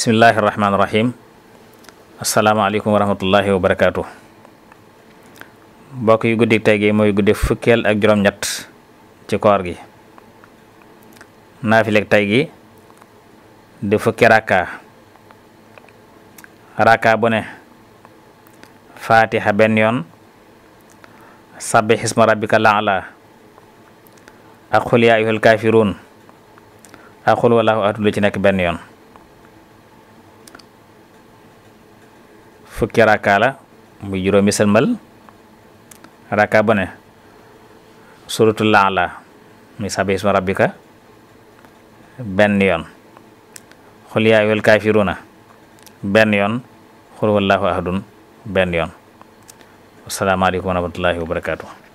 bismillahi irrahmani irahim asalaamaaleykum wa rahmatullahi wa barakaatu mbokk yu guddik tey gi mooy guddi fukkeel ak juróom-ñett ci koor gi naafileeg tey gi di fukki rakka rakka bu faatiha benn yoon sabbi xisma rabbika laala ak xul yaa ayyuhal kaafiruun ak xul walaahu ahad lu ci nekk benn yoon fukki rakka la muy juróomi sëlmal rakka bu ne suratul laala muy sabi isma rabbika benn yoon xul yaa ayyuhal kaafiruuna benn yoon xul wallaahu ahadun benn yoon asalaamaaleykum wa rahmatullaahi wa